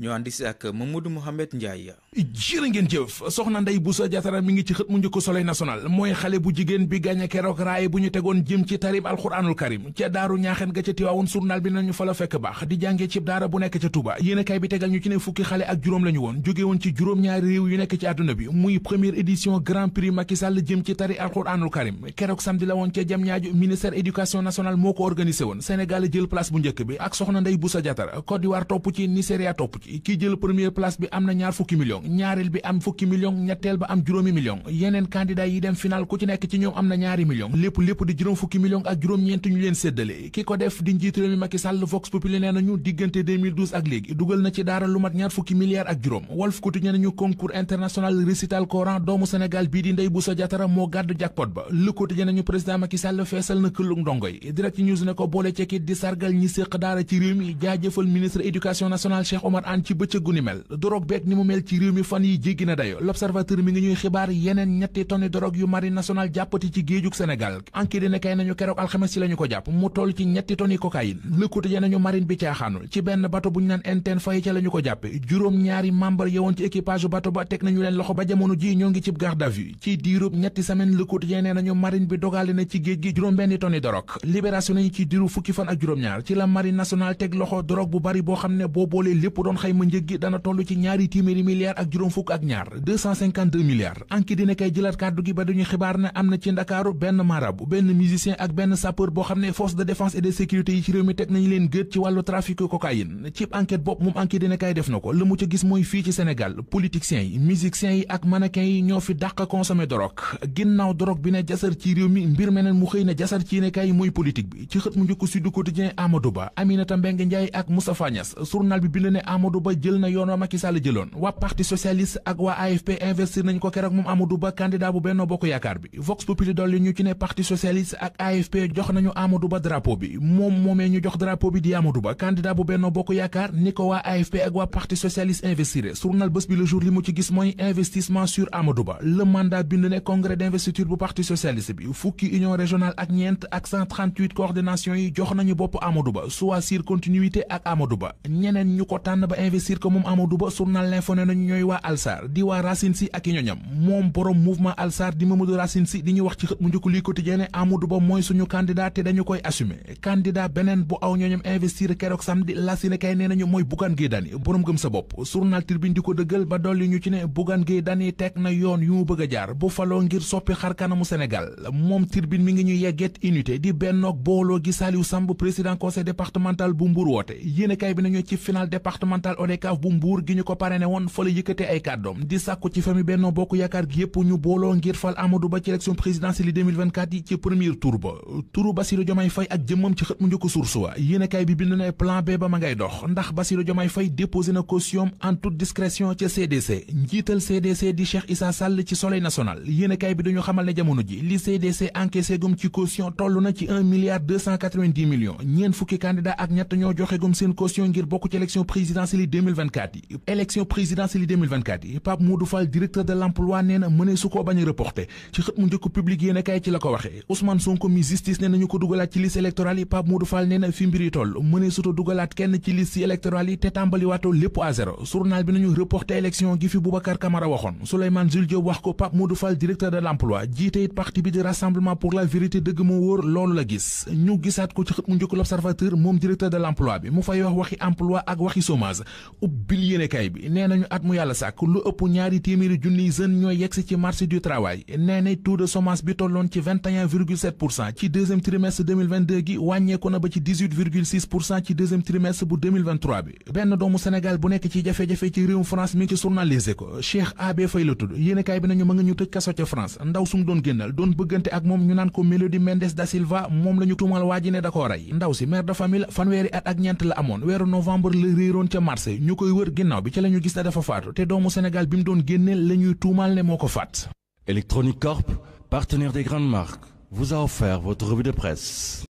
ñu àndi si ak Mamadou Mouhamed Ndiaye. jërë ngeen jëf soxna Ndeye Boussa Diatara mi ngi ci xët mu njëkk Soleil national mooy xale bu jigéen bi gàñe keroog raaye bu ñu tegoon jëm ci tarib alxuraanul karim ca daaru ñaaxeen fekk baax di jàngee cib daara bu nekk ca Touba yéenekaay bi tegal ñu ci ne fukki xale ak juróom la ñu woon jóge woon ci juróom-ñaari réew yu nekk ci àdduna bi muy première édition grand prix Macky Sall jëm ci tari alxuraanul karim keroog samedi la woon ca jam ñaaju ministère éducation nationale moo ko organisé woon Sénégal jël place bu njëkk bi ak soxna Ndeye Boussa Diatara Côte d'Ivoire topp ci Nigeria topp ci ki jël première place bi am na ñaar fukki million ñaareel bi am fukki million ñetteel ba am juróomi million yeneen candidat yi dem final ku ci nekk ci ñoom am na ñaari million lépp lépp di juróom fukki million ak juróom-ñeent ñu leen séddale ki ko def di njiit réew mi Macky Sall Vox Populi nee nañu diggante 2012 ak léegi dugal na ci daara lu mat ñaar fukki milliards ak juróom Walf Quotidien nañu concours international récital Coran doomu Sénégal bii nañu président Macky Sall na këllug ndongo yi Direct News ne ko boole cekkit di sargal ñi séq daara an ci bëccëgu ni mel dorog beeg ni mu mel ci réew mi fan yi jéggi na dayo l'observateur mi ngi ñuy xibaar yeneen ñetti tonni dorog yu marine nationale jàppati ci géejug Sénégal enquête dina kay nañu keroog alxames si la ko jàpp mu toll ci ñetti tonni cocaïne Le Quotidien nañu marine bi caaxaanul ci benn bato bu ñu naan Enten Faye ca la ko jàppe juróom ñaari membre yowoon ci équipage bato ba teg nañu leen loxo ba jamono ji ñoo ngi cib garde à vue ci boo xam ne boo boolee xay ma njëg gi dana toll ci ñaari téeméeri milliards ak juróom fukk ak ñaar 252 milliards dina kay jëlaat kàddu gi ba dañu xibaar ne am na ci ndakaaru benn marabu benn musicien ak benn sapeur boo xam ne force de défense et de sécurité yi ci réew mi teg nañu leen gët ci wàllu trafic cocaïne cib enquête bopp moom anki dina kay def na ko la mu ca gis mooy fii ci Sénégal politiciens yi musiciens yi ak mannequins yi ñoo fi dàq consommer dorog ginnaaw mi mbir meneen mu mu njëkk Sud Quotidien Amadou jël na yoon wa Macky Sall jëloon waa parti socialiste ak waa AFP investir nañ ko keroog moom Amadou Ba candidat bu Benno Bokk Yaakaar bi Vox Populi dolli ñu ci ne parti socialiste ak AFP jox nañu Amadou Ba drapeau bi moom moomee ñu jox drapeau bi di Amadou Ba candidat bu Benno Bokk Yaakaar ni ko waa AFP ak waa parti socialiste investir journal bés bi le jour li mu ci gis mooy investissement sur Amadou Ba le mandat bind ne congrès d'investiture bu parti socialiste bi fukki union régionale ak ñeent ak yi jox nañu bopp Amadou Ba soit sur continuité ak investir ko moom Amadou Ba journal L'Info ne nañu ñooy waa alsar di waa Racine Sy ak i ñoñam moom borom mouvement alsar di Mamadou Racine Sy di ñu wax ci xët mu njëkk lii quotidien ne Amadou Ba mooy suñu candidat te dañu koy assumer candidat beneen bu aw ñoñam investir keroog samedi la si ne nañu mooy Bougane Gueye Dany borom gëm sa bopp journal Tribune di ko dëggal ba dolli ñu ci ne Bougane Gueye Dany teg na yoon yu mu bëgg a jaar bu faloo ngir soppi xar kanamu Sénégal moom Tribune mi ngi ñu yegget unité di bennoog booloo gi Saliou Samb président conseil départemental bu Mbour woote yéene kay bi nañu ci final capital ODCAV bu mbuur gi ñu ko parrainé woon fa la ay kàddoom di sàkku ci famille Benno Bokk Yaakaar gi yëpp ñu booloo ngir fal Amadou Ba ci élection présidentielle yi ci premier tour ba turu Bassirou Diomaye Faye ak jëmmam ci xët mu njëkk source wa yéenekaay bi bind na plan B ba ma ngay dox ndax Bassirou Diomaye Faye déposé na caution en toute discrétion ca CDC njiital CDC di Cheikh Issa Sall ci Soleil national yéenekaay bi dañu xamal ne jamono ji li yi 2024 yi élection yi 2024 yi Pape Modou Fall de l'emploi nee na mënee su koo bañ ci xët mu njëkk public yéen a ci la ko waxee Ousmane Sonko mi justice nee na ko dugalaat ci liste électorale yi Pape Modou Fall nee na fi mbir toll mënee suta dugalaat kenn ci liste électorale yi te tàmbaliwaatoo lépp à zéro bi nañu reporté élection gi fi Boubacar Camara waxoon Souleymane Jules Diop wax ko Pape mu njëkk l'observateur moom de l'emploi ubbil yéenekaay bi nee nañu at mu yàlla sàkk lu ëpp ñaari téeméeri junniy jeunes ñooy yegsi ci marché du travail nee na taux de bi tolloon ci ci gi wàññeeku na ba ci 18 virgule ci deuxième bu benn doomu Sénégal bu nekk ci jafe-jafe ci réewum France mi ci journalisé ko Cheikh AB Faye la tudd yéenekaay bi nañu ma nga ñu tëj kaso ca France ndaw sum doon génnal doon bëggante ak moom ñu naan ko Mélodie Mendes da Silva moom la ñu waa ji ne da koo marché ñu koy wër ginnaaw bi ci la ñu gis ne dafa faatu te doomu Sénégal bi mu doon génne la ñuy tuumaal ne moo ko faat. Electronic Corp, partenaire des grandes marques, vous a offert votre revue de presse.